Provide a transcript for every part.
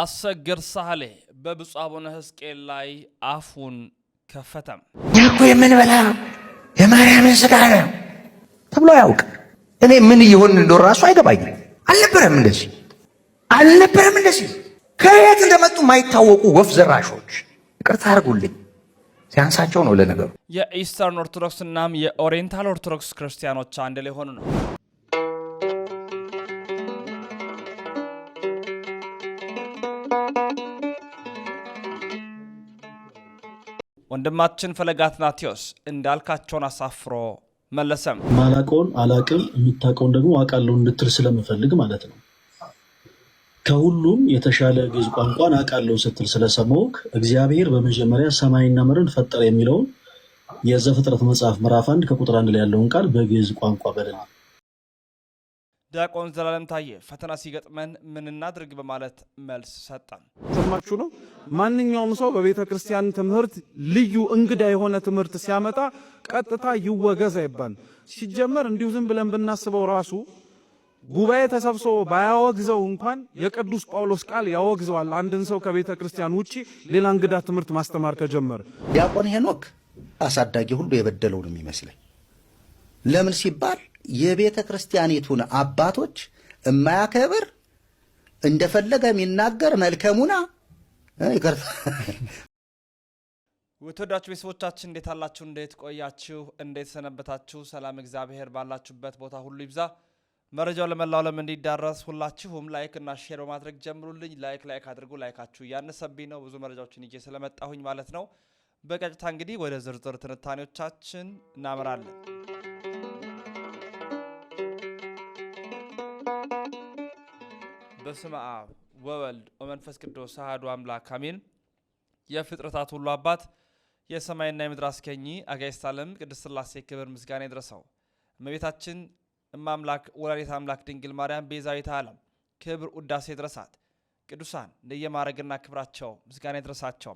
አሰግድ ሳህሌ በብፁዕ አቡነ ሕዝቅኤል ላይ አፉን ከፈተም። እኛ እኮ የምንበላው የማርያምን ስጋ ነው ተብሎ አያውቅ። እኔ ምን እየሆን እንደሆነ ራሱ አይገባኝም። አልነበረም እንደዚህ አልነበረም እንደዚህ ከየት እንደመጡ የማይታወቁ ወፍ ዘራሾች ይቅርታ አድርጉልኝ፣ ሲያንሳቸው ነው ለነገሩ። የኢስተርን እናም የኦሪየንታል ኦርቶዶክስ ክርስቲያኖች አንድ ላይ ሆኑ ነው ወንድማችን ፈለገ አትናቴዎስ እንዳልካቸውን አሳፍሮ መለሰም ማላቀውን አላቅም የምታውቀውን ደግሞ አውቃለሁ እንድትል ስለምፈልግ ማለት ነው። ከሁሉም የተሻለ ግዕዝ ቋንቋን አውቃለሁ ስትል ስለሰማሁህ እግዚአብሔር በመጀመሪያ ሰማይና ምድርን ፈጠረ የሚለውን የዘፍጥረት መጽሐፍ ምዕራፍ አንድ ከቁጥር አንድ ላይ ያለውን ቃል በግዕዝ ቋንቋ በደል ዲያቆን ዘላለም ታየ ፈተና ሲገጥመን ምን እናድርግ በማለት መልስ ሰጠ። ሰማችሁ ነው። ማንኛውም ሰው በቤተ ክርስቲያን ትምህርት ልዩ እንግዳ የሆነ ትምህርት ሲያመጣ ቀጥታ ይወገዝ አይባል። ሲጀመር እንዲሁ ዝም ብለን ብናስበው ራሱ ጉባኤ ተሰብስቦ ባያወግዘው እንኳን የቅዱስ ጳውሎስ ቃል ያወግዘዋል። አንድን ሰው ከቤተ ክርስቲያን ውጪ ሌላ እንግዳ ትምህርት ማስተማር ከጀመረ ዲያቆን ሄኖክ አሳዳጊ ሁሉ የበደለውን የሚመስለኝ ለምን ሲባል የቤተ ክርስቲያኒቱን አባቶች የማያከብር እንደፈለገ የሚናገር መልከሙና ይቅርታ። የተወዳችሁ ቤተሰቦቻችን እንዴት አላችሁ? እንዴት ቆያችሁ? እንዴት ሰነበታችሁ? ሰላም እግዚአብሔር ባላችሁበት ቦታ ሁሉ ይብዛ። መረጃው ለመላው ዓለም እንዲዳረስ ሁላችሁም ላይክ እና ሼር በማድረግ ጀምሩልኝ። ላይክ ላይክ አድርጉ። ላይካችሁ እያነሰብኝ ነው፣ ብዙ መረጃዎችን ይዤ ስለመጣሁኝ ማለት ነው። በቀጥታ እንግዲህ ወደ ዝርዝር ትንታኔዎቻችን እናመራለን። በስመ አብ ወወልድ ወመንፈስ ቅዱስ አሐዱ አምላክ አሜን። የፍጥረታት ሁሉ አባት የሰማይና የምድር አስገኚ አጋዕዝተ ዓለም ቅድስት ሥላሴ ክብር ምስጋና ይድረሰው። እመቤታችን እማምላክ ወላዲተ አምላክ ድንግል ማርያም ቤዛዊተ ዓለም ክብር ውዳሴ ይድረሳት። ቅዱሳን እንደየማዕረግና ክብራቸው ምስጋና ይድረሳቸው።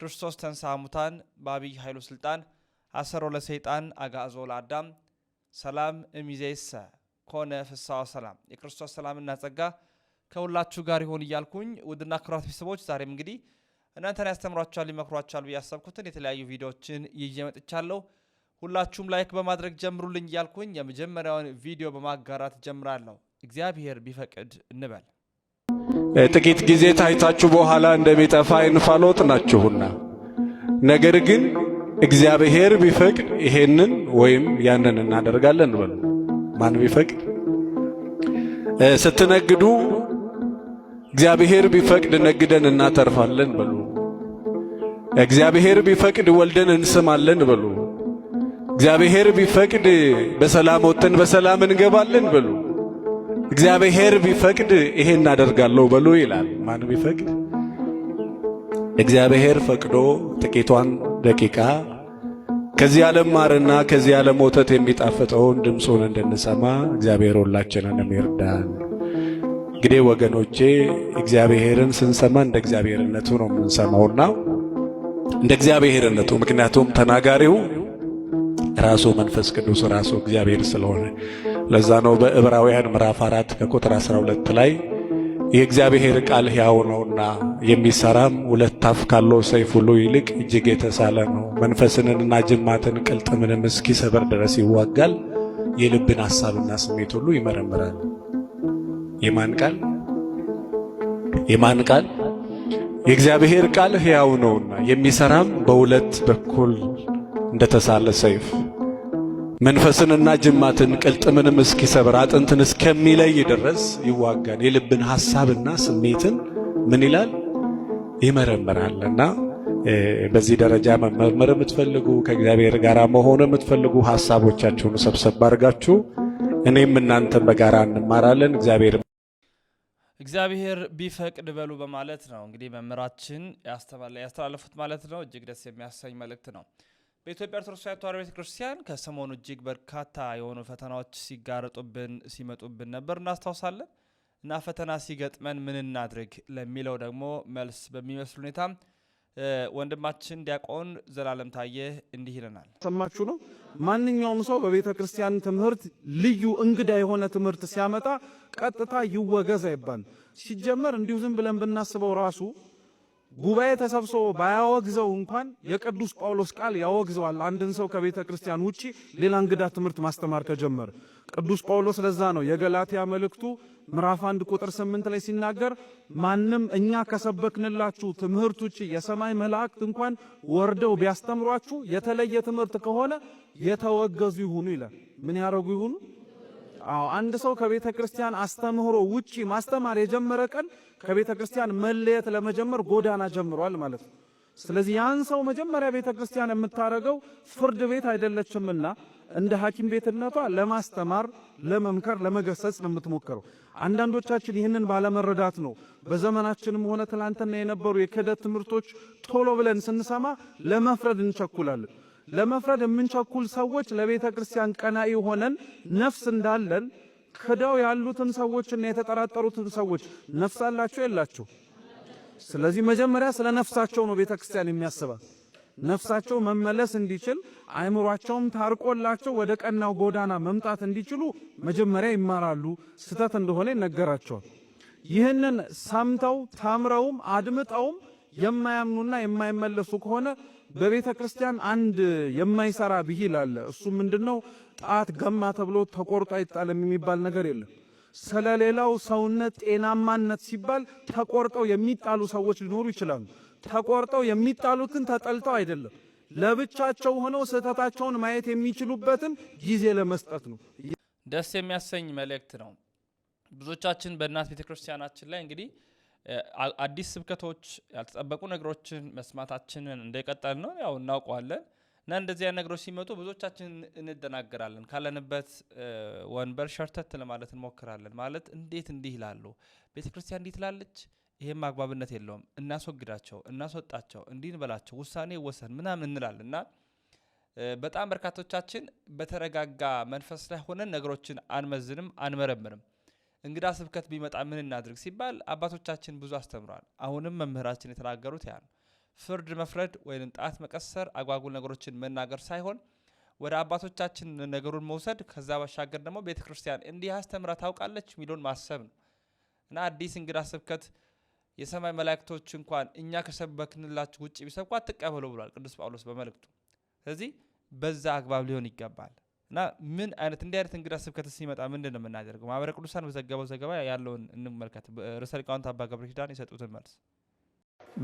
ክርስቶስ ተንሥአ እሙታን በአብይ ኃይሉ ስልጣን አሰሮ ለሰይጣን አግዓዞ ለአዳም ሰላም እምይእዜሰ ከሆነ ፍስሐ ሰላም የክርስቶስ ሰላምና ጸጋ ከሁላችሁ ጋር ይሆን እያልኩኝ ውድና ክብራት ቤተሰቦች ዛሬም እንግዲህ እናንተን ያስተምሯቸዋል ይመክሯቸዋል ብዬ ያሰብኩትን የተለያዩ ቪዲዮዎችን ይዤ መጥቻለሁ። ሁላችሁም ላይክ በማድረግ ጀምሩልኝ እያልኩኝ የመጀመሪያውን ቪዲዮ በማጋራት ጀምራለሁ። እግዚአብሔር ቢፈቅድ እንበል። ጥቂት ጊዜ ታይታችሁ በኋላ እንደሚጠፋ እንፋሎት ናችሁና፣ ነገር ግን እግዚአብሔር ቢፈቅድ ይሄንን ወይም ያንን እናደርጋለን በሉ ማን ቢፈቅድ ስትነግዱ እግዚአብሔር ቢፈቅድ ነግደን እናተርፋለን በሉ። እግዚአብሔር ቢፈቅድ ወልደን እንስማለን በሉ። እግዚአብሔር ቢፈቅድ በሰላም ወጥተን በሰላም እንገባለን በሉ። እግዚአብሔር ቢፈቅድ ይሄ እናደርጋለሁ በሉ ይላል። ማን ቢፈቅድ እግዚአብሔር ፈቅዶ ጥቂቷን ደቂቃ ከዚህ ዓለም ማርና ከዚህ ዓለም ወተት የሚጣፍጠውን ድምፁን እንድንሰማ እግዚአብሔር ሁላችንን ይርዳን። እንግዲህ ወገኖቼ እግዚአብሔርን ስንሰማ እንደ እግዚአብሔርነቱ ነው የምንሰማውና እንደ እግዚአብሔርነቱ ምክንያቱም ተናጋሪው ራሱ መንፈስ ቅዱስ ራሱ እግዚአብሔር ስለሆነ ለዛ ነው በዕብራውያን ምዕራፍ አራት ከቁጥር 12 ላይ የእግዚአብሔር ቃል ሕያው ነውና የሚሰራም ሁለት አፍ ካለው ሰይፍ ሁሉ ይልቅ እጅግ የተሳለ ነው። መንፈስንና ጅማትን ቅልጥምንም እስኪሰብር ድረስ ይዋጋል። የልብን ሐሳብና ስሜት ሁሉ ይመረምራል። የማን ቃል? የማን ቃል? የእግዚአብሔር ቃል ሕያው ነውና የሚሰራም በሁለት በኩል እንደተሳለ ሰይፍ መንፈስንና ጅማትን ቅልጥምንም እስኪሰብር አጥንትን እስከሚለይ ድረስ ይዋጋል። የልብን ሐሳብና ስሜትን ምን ይላል ይመረምራልና። በዚህ ደረጃ መመርመር የምትፈልጉ ከእግዚአብሔር ጋር መሆን የምትፈልጉ ሐሳቦቻችሁን ሰብሰብ አድርጋችሁ እኔም እናንተን በጋራ እንማራለን እግዚአብሔር እግዚአብሔር ቢፈቅድ በሉ በማለት ነው እንግዲህ መምህራችን ያስተላለፉት ማለት ነው። እጅግ ደስ የሚያሰኝ መልእክት ነው። በኢትዮጵያ ኦርቶዶክስ ተዋሕዶ ቤተክርስቲያን ክርስቲያን ከሰሞኑ እጅግ በርካታ የሆኑ ፈተናዎች ሲጋረጡብን ሲመጡብን ነበር እናስታውሳለን። እና ፈተና ሲገጥመን ምን እናድርግ ለሚለው ደግሞ መልስ በሚመስል ሁኔታ ወንድማችን ዲያቆን ዘላለም ታየ እንዲህ ይለናል። ሰማችሁ ነው። ማንኛውም ሰው በቤተ ክርስቲያን ትምህርት ልዩ እንግዳ የሆነ ትምህርት ሲያመጣ ቀጥታ ይወገዝ አይባል። ሲጀመር እንዲሁ ዝም ብለን ብናስበው ራሱ ጉባኤ ተሰብስቦ ባያወግዘው እንኳን የቅዱስ ጳውሎስ ቃል ያወግዘዋል። አንድን ሰው ከቤተ ክርስቲያን ውጪ ሌላ እንግዳ ትምህርት ማስተማር ከጀመረ ቅዱስ ጳውሎስ ለዛ ነው የገላትያ መልእክቱ ምዕራፍ አንድ ቁጥር ስምንት ላይ ሲናገር ማንም እኛ ከሰበክንላችሁ ትምህርት ውጪ የሰማይ መላእክት እንኳን ወርደው ቢያስተምሯችሁ የተለየ ትምህርት ከሆነ የተወገዙ ይሁኑ ይላል። ምን ያደረጉ ይሁኑ? አዎ አንድ ሰው ከቤተ ክርስቲያን አስተምህሮ ውጪ ማስተማር የጀመረ ቀን ከቤተ ክርስቲያን መለየት ለመጀመር ጎዳና ጀምሯል ማለት ነው። ስለዚህ ያን ሰው መጀመሪያ ቤተ ክርስቲያን የምታረገው ፍርድ ቤት አይደለችምና እንደ ሐኪም ቤትነቷ ለማስተማር፣ ለመምከር፣ ለመገሰጽ ነው የምትሞከረው። አንዳንዶቻችን ይህንን ባለመረዳት ነው በዘመናችንም ሆነ ትላንትና የነበሩ የክህደት ትምህርቶች ቶሎ ብለን ስንሰማ ለመፍረድ እንቸኩላለን። ለመፍረድ የምንቸኩል ሰዎች ለቤተ ክርስቲያን ቀናኢ ሆነን ነፍስ እንዳለን ክደው ያሉትን ሰዎችና የተጠራጠሩትን ሰዎች ነፍስ አላቸው የላቸው? ስለዚህ መጀመሪያ ስለ ነፍሳቸው ነው ቤተክርስቲያን የሚያስባ ነፍሳቸው መመለስ እንዲችል አእምሯቸውም ታርቆላቸው ወደ ቀናው ጎዳና መምጣት እንዲችሉ መጀመሪያ ይማራሉ። ስተት እንደሆነ ይነገራቸዋል። ይህንን ሰምተው ተምረውም አድምጠውም የማያምኑና የማይመለሱ ከሆነ በቤተ ክርስቲያን አንድ የማይሰራ ብሂል አለ። እሱ ምንድነው? ጣት ገማ ተብሎ ተቆርጦ አይጣልም የሚባል ነገር የለም። ስለሌላው ሰውነት ጤናማነት ሲባል ተቆርጠው የሚጣሉ ሰዎች ሊኖሩ ይችላሉ። ተቆርጠው የሚጣሉትን ተጠልተው አይደለም፣ ለብቻቸው ሆነው ስህተታቸውን ማየት የሚችሉበትን ጊዜ ለመስጠት ነው። ደስ የሚያሰኝ መልእክት ነው። ብዙዎቻችን በእናት ቤተ ክርስቲያናችን ላይ እንግዲህ አዲስ ስብከቶች ያልተጠበቁ ነገሮችን መስማታችንን እንደቀጠል ነው ያው እናውቀዋለን። እና እንደዚህ አይነት ነገሮች ሲመጡ ብዙዎቻችን እንደናገራለን። ካለንበት ወንበር ሸርተት ለማለት እንሞክራለን። ማለት እንዴት እንዲህ ይላሉ፣ ቤተ ክርስቲያን እንዲህ ትላለች፣ ይሄም አግባብነት የለውም፣ እናስወግዳቸው፣ እናስወጣቸው፣ እንዲህ እንበላቸው፣ ውሳኔ ወሰን ምናምን እንላለን እና በጣም በርካቶቻችን በተረጋጋ መንፈስ ላይ ሆነን ነገሮችን አንመዝንም፣ አንመረምርም። እንግዳ ስብከት ቢመጣ ምን እናድርግ ሲባል አባቶቻችን ብዙ አስተምሯል አሁንም መምህራችን የተናገሩት ያ ነው። ፍርድ መፍረድ ወይም ጣት መቀሰር፣ አጓጉል ነገሮችን መናገር ሳይሆን ወደ አባቶቻችን ነገሩን መውሰድ፣ ከዛ ባሻገር ደግሞ ቤተ ክርስቲያን እንዲህ አስተምራ ታውቃለች የሚለውን ማሰብ ነው እና አዲስ እንግዳ ስብከት የሰማይ መላእክቶች እንኳን እኛ ከሰበክንላችሁ ውጭ ቢሰብኩ አትቀበሉ ብሏል ቅዱስ ጳውሎስ በመልእክቱ። ስለዚህ በዛ አግባብ ሊሆን ይገባል እና ምን አይነት እንዲህ አይነት እንግዳ ስብከት ሲመጣ ምንድን ነው የምናደርገው? ማህበረ ቅዱሳን በዘገበው ዘገባ ያለውን እንመልከት። ርዕሰ ሊቃውንት አባ ገብረ ኪዳን የሰጡትን መልስ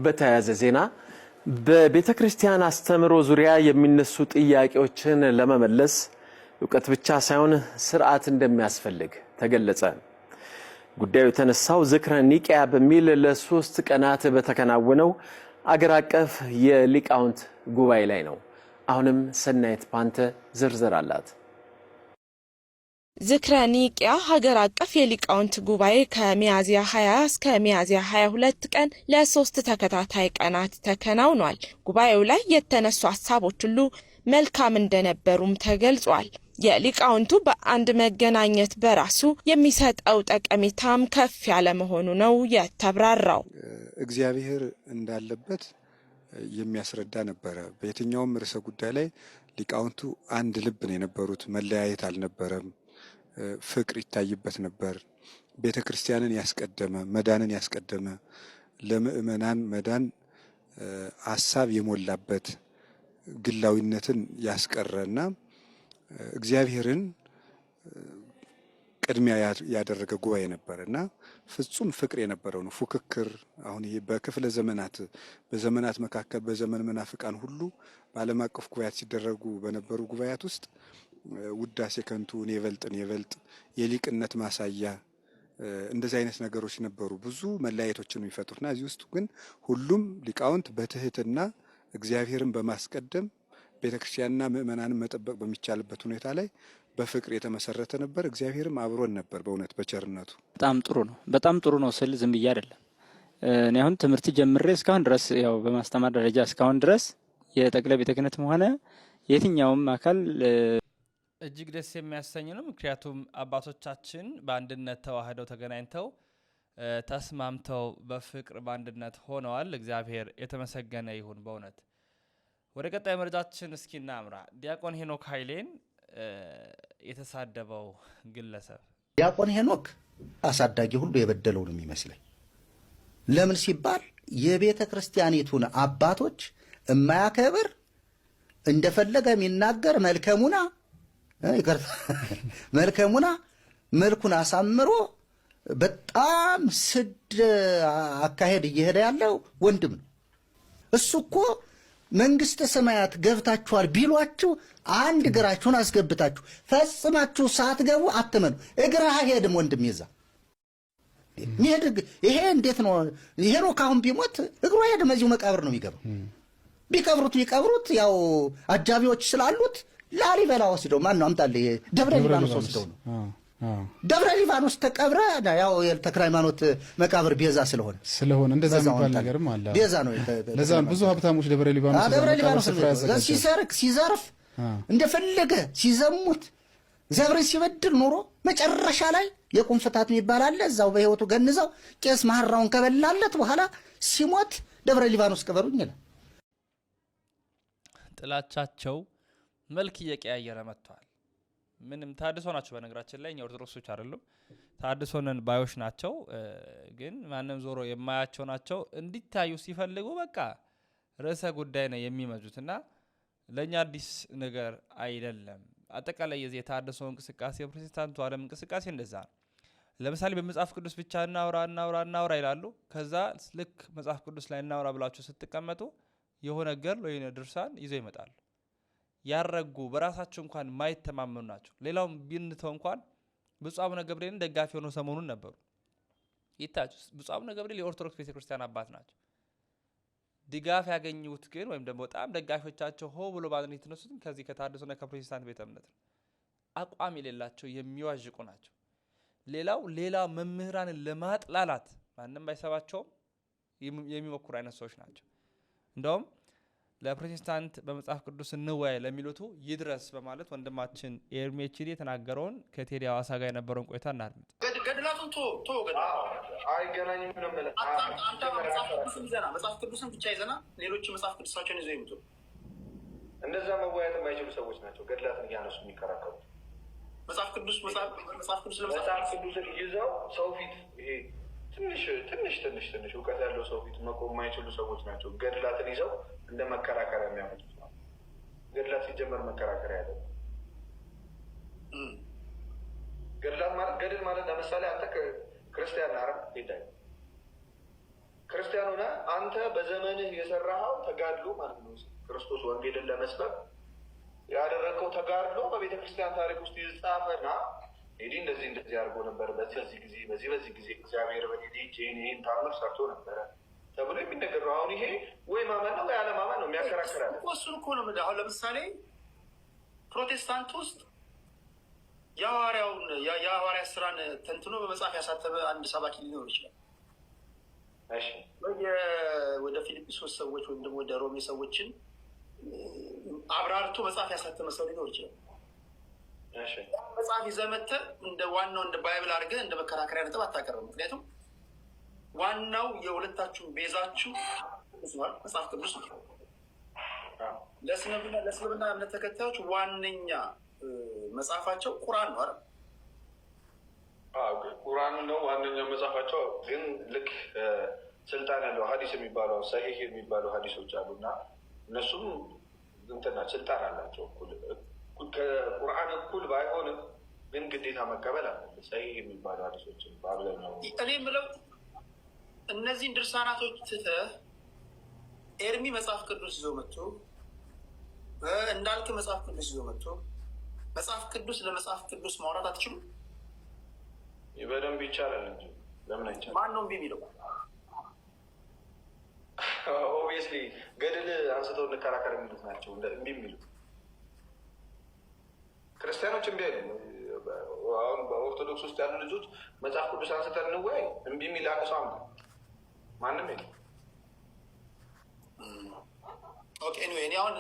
በተያያዘ ዜና በቤተ ክርስቲያን አስተምህሮ ዙሪያ የሚነሱ ጥያቄዎችን ለመመለስ እውቀት ብቻ ሳይሆን ስርዓት እንደሚያስፈልግ ተገለጸ። ጉዳዩ የተነሳው ዝክረ ኒቅያ በሚል ለሶስት ቀናት በተከናወነው አገር አቀፍ የሊቃውንት ጉባኤ ላይ ነው። አሁንም ሰናይት ፓንተ ዝርዝር አላት። ዝክረ ኒቅያ ሀገር አቀፍ የሊቃውንት ጉባኤ ከሚያዝያ 20 እስከ ሚያዝያ 22 ቀን ለሶስት ተከታታይ ቀናት ተከናውኗል። ጉባኤው ላይ የተነሱ ሀሳቦች ሁሉ መልካም እንደነበሩም ተገልጿል። የሊቃውንቱ በአንድ መገናኘት በራሱ የሚሰጠው ጠቀሜታም ከፍ ያለ መሆኑ ነው የተብራራው። እግዚአብሔር እንዳለበት የሚያስረዳ ነበረ። በየትኛውም ርዕሰ ጉዳይ ላይ ሊቃውንቱ አንድ ልብ ነው የነበሩት። መለያየት አልነበረም። ፍቅር ይታይበት ነበር። ቤተ ክርስቲያንን ያስቀደመ መዳንን ያስቀደመ ለምእመናን መዳን ሀሳብ የሞላበት ግላዊነትን ያስቀረ እና እግዚአብሔርን ቅድሚያ ያደረገ ጉባኤ ነበር እና ፍጹም ፍቅር የነበረው ነው። ፉክክር አሁን ይሄ በክፍለ ዘመናት በዘመናት መካከል በዘመን መናፍቃን ሁሉ በዓለም አቀፍ ጉባኤያት ሲደረጉ በነበሩ ጉባኤያት ውስጥ ውዳሴ ከንቱ፣ እኔ እበልጥ እኔ እበልጥ፣ የሊቅነት ማሳያ እንደዚህ አይነት ነገሮች ነበሩ ብዙ መለያየቶችን ነው የሚፈጥሩና እዚህ ውስጥ ግን ሁሉም ሊቃውንት በትህትና እግዚአብሔርን በማስቀደም ቤተ ክርስቲያንና ምእመናንን መጠበቅ በሚቻልበት ሁኔታ ላይ በፍቅር የተመሰረተ ነበር። እግዚአብሔርም አብሮን ነበር በእውነት በቸርነቱ። በጣም ጥሩ ነው። በጣም ጥሩ ነው ስል ዝም ብዬ አይደለም። እኔ አሁን ትምህርት ጀምሬ እስካሁን ድረስ ያው በማስተማር ደረጃ እስካሁን ድረስ የጠቅላይ ቤተ ክህነትም ሆነ የትኛውም አካል እጅግ ደስ የሚያሰኝ ነው። ምክንያቱም አባቶቻችን በአንድነት ተዋህደው ተገናኝተው ተስማምተው በፍቅር በአንድነት ሆነዋል። እግዚአብሔር የተመሰገነ ይሁን። በእውነት ወደ ቀጣይ መረጃችን እስኪ እናምራ። ዲያቆን ሄኖክ ኃይሌን የተሳደበው ግለሰብ ዲያቆን ሄኖክ አሳዳጊ ሁሉ የበደለው ነው የሚመስለኝ። ለምን ሲባል የቤተ ክርስቲያኒቱን አባቶች እማያከብር እንደፈለገ የሚናገር መልከሙና ይቅርታ መልኩን አሳምሮ በጣም ስድ አካሄድ እየሄደ ያለው ወንድም ነው። እሱ እኮ መንግስተ ሰማያት ገብታችኋል ቢሏችሁ አንድ እግራችሁን አስገብታችሁ ፈጽማችሁ ሳትገቡ አትመኑ። እግር አይሄድም ወንድም ይዛ ይሄ እንዴት ነው? ሄኖ ካሁን ቢሞት እግሩ አይሄድም፣ እዚሁ መቃብር ነው የሚገባው። ቢቀብሩት ቢቀብሩት ያው አጃቢዎች ስላሉት ላሊበላ ወስደው ማን ነው አምጣል ደብረ ሊባኖስ ወስደው ነው ደብረ ሊባኖስ ተቀብረ። ያው ተክለ ሃይማኖት መቃብር ቤዛ ስለሆነ ስለሆነ እንደዛ የሚባል ነገርም አለ። ቤዛ ነው። ለዛ ብዙ ሀብታሞች ደብረ ሊባኖስ ደብረ ሊባኖስ ሲሰርቅ ሲዘርፍ እንደፈለገ ሲዘሙት እግዚአብሔርን ሲበድር ኑሮ መጨረሻ ላይ የቁም ፍታት የሚባል አለ። እዛው በህይወቱ ገንዘው ቄስ መሐራውን ከበላለት በኋላ ሲሞት ደብረ ሊባኖስ ቅበሩኝ ይላል። ጥላቻቸው መልክ እየቀያየረ መጥተዋል። ምንም ታድሶ ናቸው። በነገራችን ላይ እኛ ኦርቶዶክሶች አይደሉም ታድሶንን ባዮች ናቸው፣ ግን ማንም ዞሮ የማያቸው ናቸው። እንዲታዩ ሲፈልጉ በቃ ርዕሰ ጉዳይ ነው የሚመዙት እና ለእኛ አዲስ ነገር አይደለም። አጠቃላይ የዚህ የታድሶ እንቅስቃሴ የፕሮቴስታንቱ ዓለም እንቅስቃሴ እንደዛ ነው። ለምሳሌ በመጽሐፍ ቅዱስ ብቻ እናውራ እናውራ እናውራ ይላሉ። ከዛ ልክ መጽሐፍ ቅዱስ ላይ እናውራ ብላችሁ ስትቀመጡ የሆነ ገድል ወይ ድርሳን ይዘው ይመጣሉ። ያረጉ በራሳቸው እንኳን ማይተማመኑ ናቸው። ሌላውም ቢንተው እንኳን ብጹ አቡነ ገብርኤልን ደጋፊ ሆነው ሰሞኑን ነበሩ። ይታችሁ ብፁዕ አቡነ ገብርኤል የኦርቶዶክስ ቤተክርስቲያን አባት ናቸው። ድጋፍ ያገኙት ግን ወይም ደግሞ በጣም ደጋፊዎቻቸው ሆ ብሎ ባዝን የተነሱትም ከዚህ ከታደሰና ከፕሮቴስታንት ቤተ እምነት ነው። አቋም የሌላቸው የሚዋዥቁ ናቸው። ሌላው ሌላ መምህራንን ለማጥላላት ማንም ባይሰባቸውም የሚሞክሩ አይነት ሰዎች ናቸው እንደውም ለፕሮቴስታንት በመጽሐፍ ቅዱስ እንወያይ ለሚሉቱ ይድረስ በማለት ወንድማችን ኤርሜችሪ የተናገረውን ከቴዲ ሐዋሳ ጋር የነበረውን ቆይታ እናድምጥ። ገድላቱን ቶ ቶ አይገናኝም። መጽሐፍ ቅዱስን መጽሐፍ ብቻ ይዘና ሌሎች መጽሐፍ ቅዱሳቸውን ይዘው ይምጡ። እንደዛ መወያየት የማይችሉ ሰዎች ናቸው ገድላትን እያነሱ የሚከራከሩት። መጽሐፍ ቅዱስ መጽሐፍ ቅዱስ ቅዱስን ይዘው ሰው ፊት ይሄ ትንሽ ትንሽ ትንሽ ትንሽ እውቀት ያለው ሰው ፊት መቆም የማይችሉ ሰዎች ናቸው ገድላትን ይዘው እንደ መከራከሪያ የሚያመጡት ነው። ገድላት ሲጀመር መከራከሪያ ያለ ገድላት ማለት ገድል ማለት ለምሳሌ አንተ ክርስቲያን አረ ሄዳ ክርስቲያን ሆነ አንተ በዘመንህ የሰራኸው ተጋድሎ ማለት ነው። ክርስቶስ ወንጌልን ለመስበክ ያደረገው ተጋድሎ በቤተ ክርስቲያን ታሪክ ውስጥ ይጻፈና ሄዲ እንደዚህ እንደዚህ አድርጎ ነበር፣ በዚህ በዚህ ጊዜ በዚህ በዚህ ጊዜ እግዚአብሔር በኔ ይህን ታምር ሰርቶ ነበረ ተብሎ የሚነገር ነው። አሁን ይሄ ወይ ማመን ነው ወይ አለማመን ነው የሚያከራክራል። እሱን እኮ ነው። አሁን ለምሳሌ ፕሮቴስታንት ውስጥ የሐዋርያውን የሐዋርያ ስራን ተንትኖ በመጽሐፍ ያሳተመ አንድ ሰባኪ ሊኖር ይችላል። ወደ ፊልጵሶስ ሰዎች ወይም ደግሞ ወደ ሮሜ ሰዎችን አብራርቶ መጽሐፍ ያሳተመ ሰው ሊኖር ይችላል። መጽሐፍ ይዘህ መተህ እንደ ዋናው እንደ ባይብል አድርገህ እንደ መከራከሪያ ነጥብ አታቀርብም። ምክንያቱም ዋናው የሁለታችሁን ቤዛችሁ መጽሐፍ ቅዱስ ነው። ለእስልምና እምነት ተከታዮች ዋነኛ መጽሐፋቸው ቁርአን ነው አይደል? ቁርአን ነው ዋነኛው መጽሐፋቸው። ግን ልክ ስልጣን ያለው ሀዲስ የሚባለው ሰሂህ የሚባለው ሀዲሶች አሉና እነሱም እንትና ስልጣን አላቸው። ከቁርአን እኩል ባይሆንም ግን ግዴታ መቀበል አለ ሰሂህ የሚባሉ ሀዲሶችን በአብዛኛው እኔ የምለው እነዚህን ድርሳናቶች ትተህ ኤርሚ መጽሐፍ ቅዱስ ይዞ መጥቶ እንዳልክ መጽሐፍ ቅዱስ ይዞ መጥቶ መጽሐፍ ቅዱስ ለመጽሐፍ ቅዱስ ማውራት አትችሉም? በደንብ ይቻላል እንጂ ለምን አይቻልም? ማን ነው እምቢ የሚለው? ኦብቪየስሊ ገድል አንስተው እንከራከር የሚሉት ናቸው እምቢ የሚሉት ክርስቲያኖች እምቢ አይሉ። አሁን በኦርቶዶክስ ውስጥ ያሉ ልጆች መጽሐፍ ቅዱስ አንስተን እንወያይ እምቢ የሚል አቅሷም ማንም የለም። ኦኬ እኔ አሁን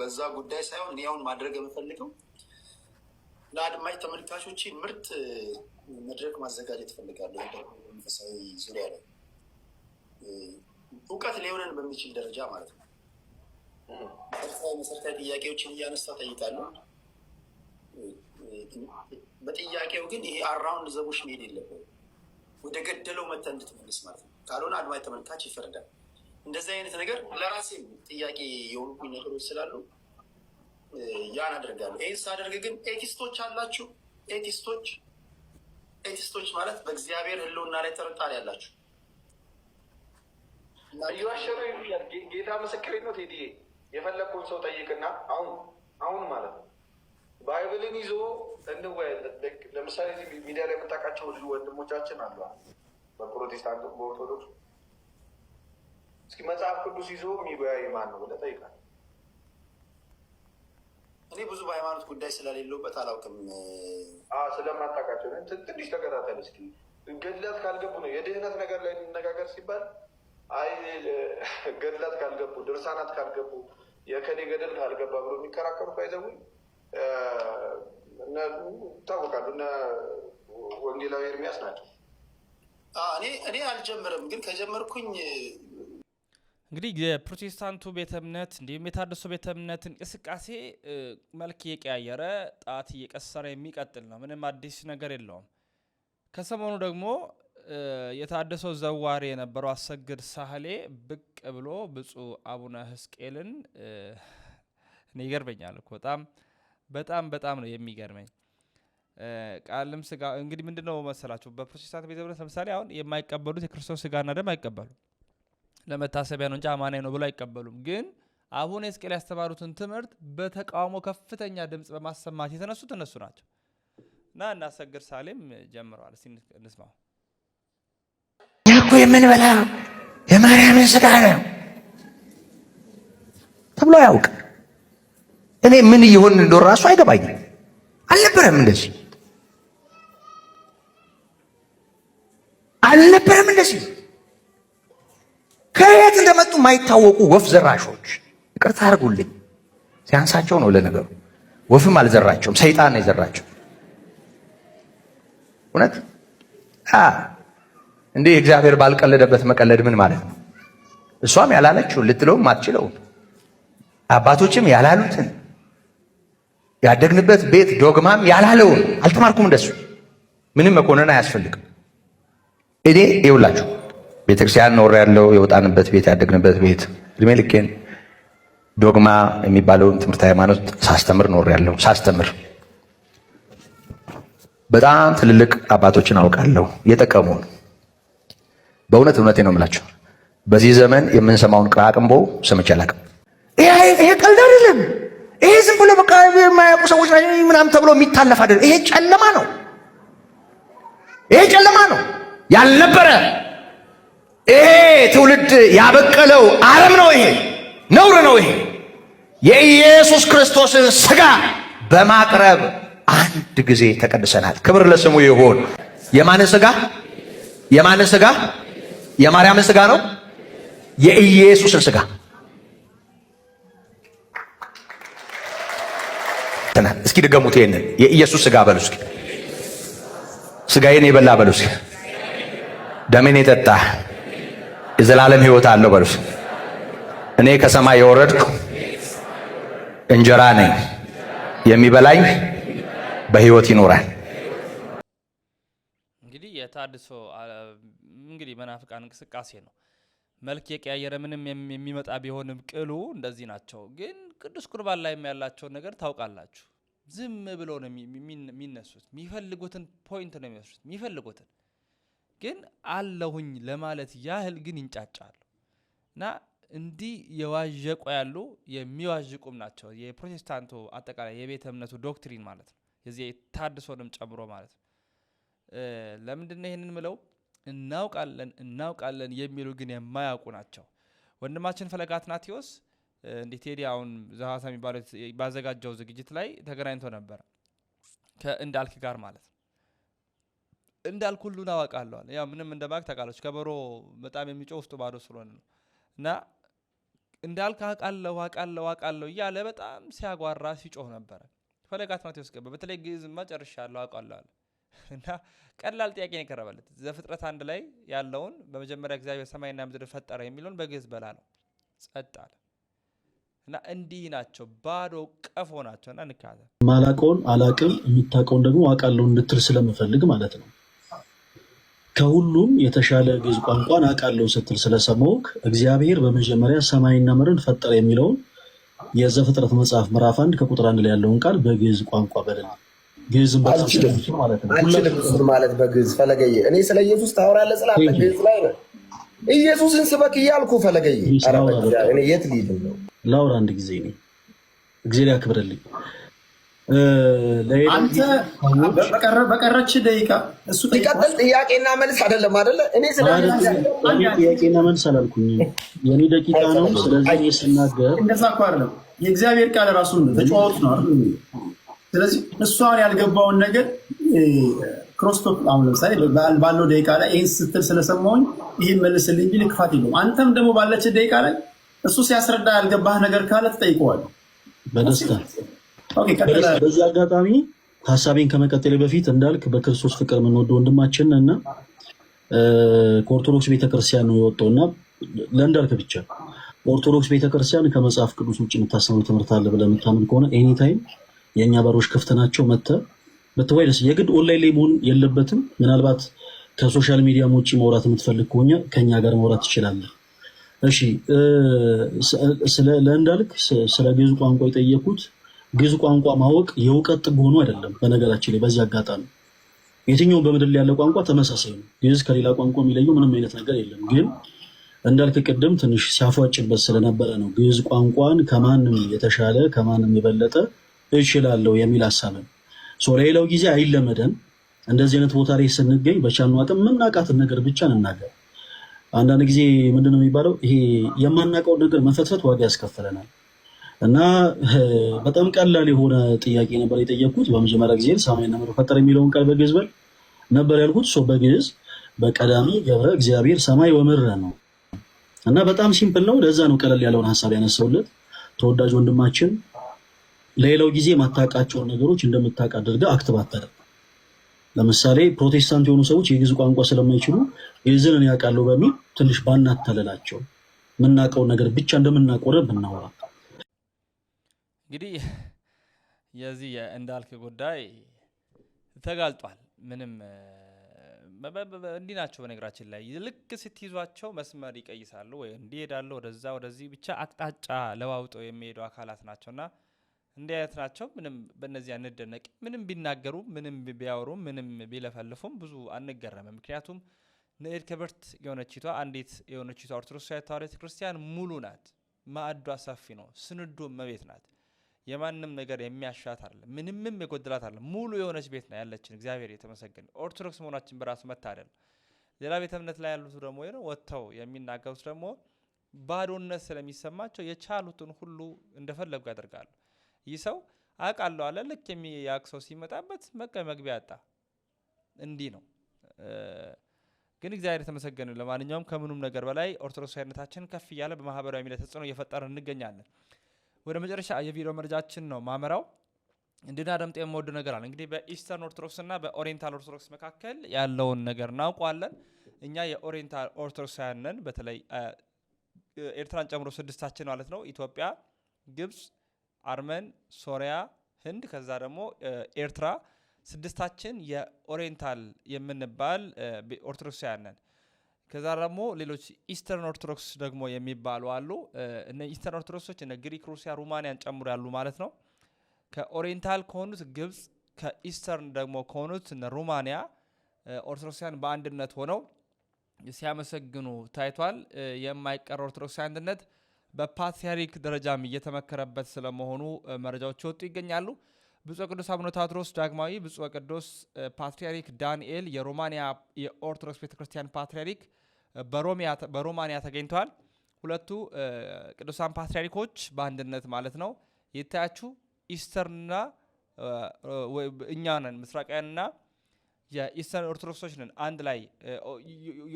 በዛ ጉዳይ ሳይሆን እኔ አሁን ማድረግ የምፈልገው ለአድማጭ ተመልካቾች ምርጥ መድረክ ማዘጋጀት እፈልጋለሁ። መንፈሳዊ ዙሪያ ላይ እውቀት ሊሆነን በሚችል ደረጃ ማለት ነው። መሰረታዊ ጥያቄዎችን እያነሳ ጠይቃለሁ። በጥያቄው ግን ይሄ አራውንድ ዘቦች መሄድ የለበትም። ወደ ገደለው መተህ እንድትመልስ ማለት ነው። ካልሆነ አድማጭ ተመልካች ይፈርዳል። እንደዚህ አይነት ነገር ለራሴ ጥያቄ የሆኑኝ ነገሮች ስላሉ ያን አደርጋለሁ። ይህን ሳደርግ ግን ኤቲስቶች አላችሁ። ኤቲስቶች ኤቲስቶች ማለት በእግዚአብሔር ሕልውና ላይ ጥርጣሬ ያላችሁ እየዋሸሩ ጌታ ምስክሬ ነው። ቴዲ የፈለግኩን ሰው ጠይቅና አሁን አሁን ማለት ነው ባይብልን ይዞ እንወ ለምሳሌ ሚዲያ ላይ የምታውቃቸው ወንድሞቻችን አሉ በፕሮቴስታንቱ በኦርቶዶክሱ እስኪ መጽሐፍ ቅዱስ ይዞ የሚወያይ ማን ነው ብለህ ጠይቃል። እኔ ብዙ በሃይማኖት ጉዳይ ስለሌለውበት አላውቅም። ስለማታውቃቸው ትንሽ ተከታተል እስኪ። ገድላት ካልገቡ ነው የድህነት ነገር ላይ እንነጋገር ሲባል አይ ገድላት ካልገቡ ድርሳናት ካልገቡ የከሌ ገደል ካልገባ ብሎ የሚከራከሩ ባይዘቡ ይታወቃሉ። እነ ወንጌላዊ ኤርሚያስ ናቸው። እኔ እኔ አልጀምርም ግን ከጀመርኩኝ እንግዲህ የፕሮቴስታንቱ ቤተ እምነት እንዲሁም የታደሶ ቤተ እምነት እንቅስቃሴ መልክ እየቀያየረ ጣት እየቀሰረ የሚቀጥል ነው። ምንም አዲስ ነገር የለውም። ከሰሞኑ ደግሞ የታደሰው ዘዋሪ የነበረው አሰግድ ሳህሌ ብቅ ብሎ ብፁዕ አቡነ ሕዝቅኤልን እኔ ይገርመኛል እኮ በጣም በጣም በጣም ነው የሚገርመኝ ቃልም ስጋ እንግዲህ ነው መሰላቸው በፕሮቴስታንት ቤተ እምነት ለምሳሌ አሁን የማይቀበሉት የክርስቶስ ስጋና ደም አይቀበሉ ለመታሰቢያ ነው እንጂ አማናዊ ነው ብሎ አይቀበሉም። ግን አቡነ ሕዝቅኤል ያስተማሩትን ትምህርት በተቃውሞ ከፍተኛ ድምፅ በማሰማት የተነሱት እነሱ ናቸው እና እናሰግር ሳሌም ጀምረዋል። እንስማው። እኛ እኮ የምንበላው የማርያምን ስጋ ነው ተብሎ አያውቅ። እኔ ምን እየሆን እንደሆነ ራሱ አይገባኝም። አልነበረም እንደዚህ አልነበረም እንደዚህ ከየት እንደመጡ የማይታወቁ ወፍ ዘራሾች ይቅርታ አድርጉልኝ፣ ሲያንሳቸው ነው። ለነገሩ ወፍም አልዘራቸውም፣ ሰይጣን ነው የዘራቸው። እውነት እንዲህ እግዚአብሔር ባልቀለደበት መቀለድ ምን ማለት ነው? እሷም ያላለችውን ልትለውም አትችለውም። አባቶችም ያላሉትን ያደግንበት ቤት ዶግማም ያላለውን አልተማርኩም። እንደሱ ምንም መኮንን አያስፈልግም። እኔ ይውላችሁ ቤተክርስቲያን ኖር ያለው የወጣንበት ቤት ያደግንበት ቤት እድሜ ልኬን ዶግማ የሚባለውን ትምህርት ሃይማኖት ሳስተምር ኖር ያለው ሳስተምር በጣም ትልልቅ አባቶችን አውቃለሁ የጠቀሙን በእውነት እውነቴ ነው የምላቸው። በዚህ ዘመን የምንሰማውን ቅራቅንቦ ሰምቼ አላውቅም። ይሄ ቀልድ አይደለም። ይሄ ዝም ብሎ በቃ የማያውቁ ሰዎች ምናምን ተብሎ የሚታለፍ አይደለም። ይሄ ጨለማ ነው። ይሄ ጨለማ ነው። ያልነበረ ይሄ ትውልድ ያበቀለው አረም ነው። ይሄ ነውር ነው። ይሄ የኢየሱስ ክርስቶስን ሥጋ በማቅረብ አንድ ጊዜ ተቀድሰናል። ክብር ለስሙ ይሁን። የማንን ሥጋ? የማንን ሥጋ? የማርያምን ሥጋ ነው። የኢየሱስን ሥጋ እስኪ ድገሙት። ይሄንን የኢየሱስ ሥጋ በሉ እስኪ። ሥጋዬን የበላ በሉ እስኪ ደሜን የጠጣ የዘላለም ሕይወት አለው በሉት። እኔ ከሰማይ የወረድኩ እንጀራ ነኝ፣ የሚበላኝ በሕይወት ይኖራል። እንግዲህ የታድሶ እንግዲህ መናፍቃን እንቅስቃሴ ነው። መልክ የቀያየረ ምንም የሚመጣ ቢሆንም ቅሉ እንደዚህ ናቸው። ግን ቅዱስ ቁርባን ላይም ያላቸውን ነገር ታውቃላችሁ። ዝም ብሎ ነው የሚነሱት። የሚፈልጉትን ፖይንት ነው የሚወስዱት የሚፈልጉትን ግን አለሁኝ ለማለት ያህል ግን ይንጫጫሉ እና እንዲህ የዋዠቁ ያሉ የሚዋዥቁም ናቸው። የፕሮቴስታንቱ አጠቃላይ የቤተ እምነቱ ዶክትሪን ማለት ነው። የዚህ የታድሶንም ጨምሮ ማለት ነው። ለምንድን ነው ይህንን ምለው? እናውቃለን እናውቃለን የሚሉ ግን የማያውቁ ናቸው። ወንድማችን ፈለገ አትናቴዎስ እንዲህ ቴዲ አሁን ዘሐዋሳ የሚባለው ባዘጋጀው ዝግጅት ላይ ተገናኝቶ ነበር ከእንዳልክ ጋር ማለት ነው እንዳልኩ ሁሉን አወቃለሁ። ያው ምንም እንደ ባክ ታውቃለች። ከበሮ በጣም የሚጮህ ውስጡ ባዶ ስለሆነ ነው እና እንዳልክ አውቃለሁ አውቃለሁ አውቃለሁ እያለ በጣም ሲያጓራ ሲጮህ ነበረ። ፈለገ አትናቴዎስ ገባ። በተለይ ግዕዝማ ጨርሻለሁ አውቃለሁ አለ እና ቀላል ጥያቄ ነው የቀረበለት። ዘፍጥረት አንድ ላይ ያለውን በመጀመሪያ እግዚአብሔር ሰማይና ምድር ፈጠረ የሚለውን በግዕዝ በላለው ጸጥ አለ እና እንዲህ ናቸው፣ ባዶ ቀፎ ናቸው። እና እንካዘ ማላቀውን አላቅም የምታውቀውን ደግሞ አውቃለሁ እንድትል ስለምፈልግ ማለት ነው ከሁሉም የተሻለ ግዕዝ ቋንቋን አውቃለሁ ስትል ስለሰማሁህ እግዚአብሔር በመጀመሪያ ሰማይና ምድርን ፈጠረ የሚለውን የዘፍጥረት መጽሐፍ ምዕራፍ አንድ ከቁጥር አንድ ላይ ያለውን ቃል በግዕዝ ቋንቋ በደል ግዕዝን ማለት ማለት በግዕዝ ፈለገየ። እኔ ስለ ኢየሱስ ታወራለህ ስላለ ግዕዝ ላይ ነው። ኢየሱስን ስበክ እያልኩ ፈለገየ። የት ልሂድ ነው? ላውራ አንድ ጊዜ እግዚአብሔር ያክብርልኝ። አንተ በቀረች ደቂቃ እሱ ሲቀጥል ጥያቄና መልስ አይደለም አይደለ? እኔ ጥያቄና መልስ አላልኩኝ። የኔ ደቂቃ ነው። ስለዚህ ስናገር እንደዛ እኮ አይደለም። የእግዚአብሔር ቃል ራሱ ተጫዋወት ነው። ስለዚህ እሷን ያልገባውን ነገር ክሮስቶፕ አሁን ለምሳሌ ባለው ደቂቃ ላይ ይህን ስትል ስለሰማውኝ ይህን መልስልኝ እንጂ ልክፋት የለውም። አንተም ደግሞ ባለች ደቂቃ ላይ እሱ ሲያስረዳ ያልገባህ ነገር ካለ ትጠይቀዋለህ በደስታ በዚህ አጋጣሚ ሀሳቤን ከመቀጠል በፊት እንዳልክ በክርስቶስ ፍቅር የምንወደው ወንድማችን እና ከኦርቶዶክስ ቤተክርስቲያን ነው የወጣው እና ለእንዳልክ ብቻ ኦርቶዶክስ ቤተክርስቲያን ከመጽሐፍ ቅዱስ ውጭ የምታሰሙ ትምህርት አለ ብለህ የምታምን ከሆነ ኤኒታይም የእኛ በሮች ክፍት ናቸው። መተ ብትወያይ የግድ ኦንላይን ላይ መሆን የለበትም። ምናልባት ከሶሻል ሚዲያ ውጭ መውራት የምትፈልግ ከሆነ ከእኛ ጋር መውራት ትችላለህ። እሺ ለእንዳልክ ስለ ግዕዝ ቋንቋ የጠየኩት ግዕዝ ቋንቋ ማወቅ የእውቀት ጥግ ሆኖ አይደለም። በነገራችን ላይ በዚህ አጋጣሚ የትኛውም በምድር ላይ ያለ ቋንቋ ተመሳሳይ ነው። ግዕዝ ከሌላ ቋንቋ የሚለየው ምንም አይነት ነገር የለም። ግን እንዳልክ ቅድም ትንሽ ሲያፏጭበት ስለነበረ ነው ግዕዝ ቋንቋን ከማንም የተሻለ ከማንም የበለጠ እችላለሁ የሚል ሀሳብን ለሌላው ጊዜ አይለመደን። እንደዚህ አይነት ቦታ ላይ ስንገኝ በቻልነው አቅም የምናውቃትን ነገር ብቻ እንናገር። አንዳንድ ጊዜ ምንድነው የሚባለው? ይሄ የማናውቀውን ነገር መፈትፈት ዋጋ ያስከፍለናል። እና በጣም ቀላል የሆነ ጥያቄ ነበር የጠየቅኩት። በመጀመሪያ ጊዜ ሰማይና ምድር ፈጠረ የሚለውን ቃል በግዕዝ በል ነበር ያልኩት። ሶ በግዕዝ በቀዳሚ ገብረ እግዚአብሔር ሰማይ ወምድረ ነው እና በጣም ሲምፕል ነው። ለዛ ነው ቀለል ያለውን ሀሳብ ያነሳውለት ተወዳጅ ወንድማችን። ሌላው ጊዜ የማታውቃቸውን ነገሮች እንደምታውቅ አድርገህ አክትብ ባታደርግ። ለምሳሌ ፕሮቴስታንት የሆኑ ሰዎች የግዕዝ ቋንቋ ስለማይችሉ ግዕዝን ያውቃሉ በሚል ትንሽ ባናተለላቸው የምናውቀውን ነገር ብቻ እንደምናቆረ ብናወራ እንግዲህ የዚህ የእንዳልክ ጉዳይ ተጋልጧል። ምንም እንዲህ ናቸው። በነገራችን ላይ ልክ ስትይዟቸው መስመር ይቀይሳሉ ወይ እንዲህ ሄዳሉ፣ ወደዛ ወደዚህ፣ ብቻ አቅጣጫ ለዋውጠው የሚሄዱ አካላት ናቸው ናቸውና እንዲህ አይነት ናቸው። ምንም በእነዚህ አንደነቅ። ምንም ቢናገሩ፣ ምንም ቢያወሩ፣ ምንም ቢለፈልፉም ብዙ አንገረምም። ምክንያቱም ንዕድ ክብርት የሆነችቷ አንዲት የሆነችቷ ኦርቶዶክስ ተዋሕዶ ቤተክርስቲያን ሙሉ ናት። ማዕዷ ሰፊ ነው። ስንዱ መቤት ናት። የማንም ነገር የሚያሻት አለ፣ ምንምም የጎደላት አለ። ሙሉ የሆነች ቤት ነው ያለችን። እግዚአብሔር የተመሰገን ኦርቶዶክስ መሆናችን በራሱ መታደል። ሌላ ቤተ እምነት ላይ ያሉት ደግሞ ወጥተው የሚናገሩት ደግሞ ባዶነት ስለሚሰማቸው የቻሉትን ሁሉ እንደፈለጉ ያደርጋሉ። ይህ ሰው አውቃለሁ አለ። ልክ የሚያውቅ ሰው ሲመጣበት መቀ መግቢያ ያጣ እንዲህ ነው። ግን እግዚአብሔር የተመሰገነ። ለማንኛውም ከምኑም ነገር በላይ ኦርቶዶክሳዊነታችን ከፍ እያለ በማህበራዊ ሚዲያ ተጽዕኖ እየፈጠረ እንገኛለን። ወደ መጨረሻ የቪዲዮ መረጃችን ነው ማመራው እንድናደምጥ የምወዱ ነገር አለ። እንግዲህ በኢስተርን ኦርቶዶክስና በኦሪየንታል ኦርቶዶክስ መካከል ያለውን ነገር እናውቋለን። እኛ የኦሪየንታል ኦርቶዶክሳውያንን በተለይ ኤርትራን ጨምሮ ስድስታችን ማለት ነው ኢትዮጵያ፣ ግብጽ፣ አርመን፣ ሶሪያ፣ ህንድ ከዛ ደግሞ ኤርትራ ስድስታችን የኦሪንታል የምንባል ኦርቶዶክሳውያን ነን። ከዛ ደግሞ ሌሎች ኢስተርን ኦርቶዶክስ ደግሞ የሚባሉ አሉ። እነ ኢስተርን ኦርቶዶክሶች እነ ግሪክ፣ ሩሲያ፣ ሩማንያን ጨምሮ ያሉ ማለት ነው። ከኦሪየንታል ከሆኑት ግብፅ፣ ከኢስተርን ደግሞ ከሆኑት እነ ሩማንያ ኦርቶዶክሳውያን በአንድነት ሆነው ሲያመሰግኑ ታይቷል። የማይቀር ኦርቶዶክስ አንድነት በፓትሪያሪክ ደረጃም እየተመከረበት ስለመሆኑ መረጃዎች ወጡ ይገኛሉ። ብፁዕ ቅዱስ አቡነ ታድሮስ ዳግማዊ፣ ብፁዕ ቅዱስ ፓትርያርክ ዳንኤል የሮማንያ የኦርቶዶክስ ቤተክርስቲያን ፓትርያርክ በሮማንያ ተገኝተዋል። ሁለቱ ቅዱሳን ፓትርያርኮች በአንድነት ማለት ነው። የታያችሁ ኢስተርንና እኛ ነን ምስራቃውያንና የኢስተርን ኦርቶዶክሶች ነን አንድ ላይ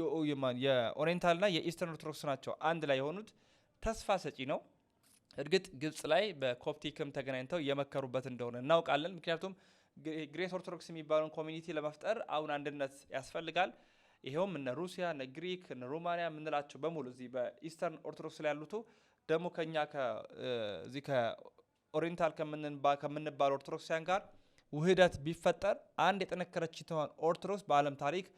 የኦሪየንታልና የኢስተርን ኦርቶዶክስ ናቸው አንድ ላይ የሆኑት ተስፋ ሰጪ ነው። እርግጥ ግብጽ ላይ በኮፕቲክም ተገናኝተው የመከሩበት እንደሆነ እናውቃለን። ምክንያቱም ግሬት ኦርቶዶክስ የሚባለውን ኮሚኒቲ ለመፍጠር አሁን አንድነት ያስፈልጋል። ይኸውም እነ ሩሲያ፣ እነ ግሪክ፣ እነ ሮማንያ የምንላቸው በሙሉ እዚህ በኢስተርን ኦርቶዶክስ ላይ ያሉቱ ደግሞ ከኛ እዚህ ከኦሪንታል ከምንባል ኦርቶዶክሲያን ጋር ውህደት ቢፈጠር አንድ የጠነከረች ኦርቶዶክስ በዓለም ታሪክ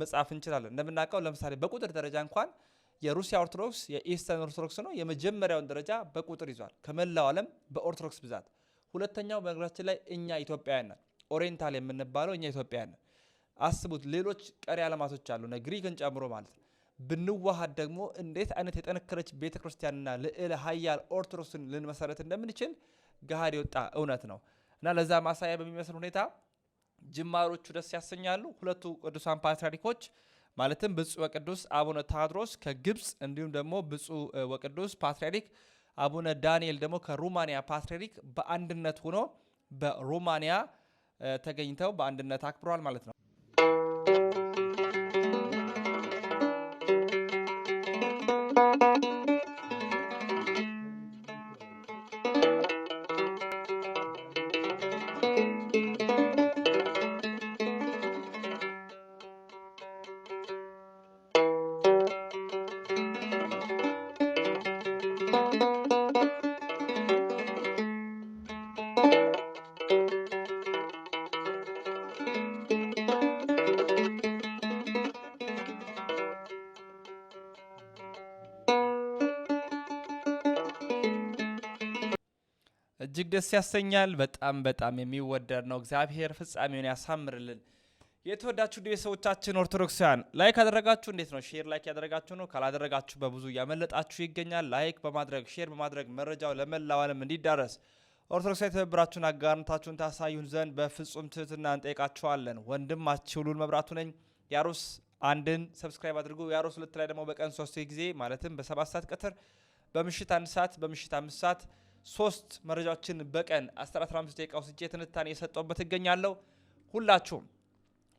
መጻፍ እንችላለን። እንደምናውቀው ለምሳሌ በቁጥር ደረጃ እንኳን የሩሲያ ኦርቶዶክስ የኢስተርን ኦርቶዶክስ ነው የመጀመሪያውን ደረጃ በቁጥር ይዟል ከመላው ዓለም በኦርቶዶክስ ብዛት። ሁለተኛው በነገራችን ላይ እኛ ኢትዮጵያውያን ኦሪየንታል የምንባለው እኛ ኢትዮጵያውያን አስቡት፣ ሌሎች ቀሪ ዓለማቶች አሉ ግሪክን ጨምሮ ማለት ነው። ብንዋሃድ ደግሞ እንዴት አይነት የጠነከረች ቤተ ክርስቲያንና ልዕለ ሀያል ኦርቶዶክስን ልንመሰረት እንደምንችል ገሃድ የወጣ እውነት ነው እና ለዛ ማሳያ በሚመስል ሁኔታ ጅማሮቹ ደስ ያሰኛሉ። ሁለቱ ቅዱሳን ፓትርያርኮች ማለትም ብፁዕ ወቅዱስ አቡነ ታድሮስ ከግብፅ እንዲሁም ደግሞ ብፁዕ ወቅዱስ ፓትርያርክ አቡነ ዳንኤል ደግሞ ከሩማንያ ፓትርያርክ በአንድነት ሆኖ በሩማንያ ተገኝተው በአንድነት አክብረዋል ማለት ነው። ደስ ያሰኛል። በጣም በጣም የሚወደድ ነው። እግዚአብሔር ፍጻሜውን ያሳምርልን። የተወዳችሁ ቤተሰቦቻችን ኦርቶዶክሳውያን ላይክ ያደረጋችሁ እንዴት ነው? ሼር ላይክ ያደረጋችሁ ነው። ካላደረጋችሁ በብዙ እያመለጣችሁ ይገኛል። ላይክ በማድረግ ሼር በማድረግ መረጃው ለመላው ዓለም እንዲዳረስ ኦርቶዶክሳዊ ትብብራችሁን አጋርነታችሁን ታሳዩን ዘንድ በፍጹም ትህትና እንጠይቃችኋለን። ወንድማችሁ ሉል መብራቱ ነኝ። ያሮስ አንድን ሰብስክራይብ አድርጉ። ያሮስ ሁለት ላይ ደግሞ በቀን ሶስት ጊዜ ማለትም በሰባት ሰዓት ቀትር፣ በምሽት አንድ ሰዓት፣ በምሽት አምስት ሰዓት ሶስት መረጃዎችን በቀን 15 ደቂቃ ውስጥ ትንታኔ የሰጠውበት እገኛለሁ። ሁላችሁም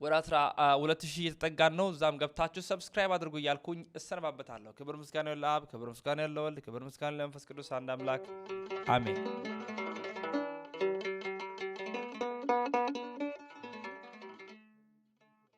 ወደ 12 ሺህ እየተጠጋን ነው። እዛም ገብታችሁ ሰብስክራይብ አድርጉ እያልኩኝ እሰነባበታለሁ። ክብር ምስጋና ለአብ፣ ክብር ምስጋና ለወልድ፣ ክብር ምስጋና ለመንፈስ ቅዱስ አንድ አምላክ አሜን።